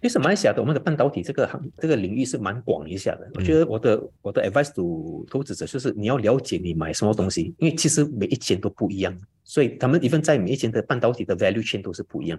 其實馬來西亞，我們的半導體這個行這個領域是蠻廣一下的。我覺得我的我的 advice to 投資者就是你要了解你買什麼東西，因為其實每一間都不一樣，所以他們 even 在每一間的半導體的 value chain 都是不一樣。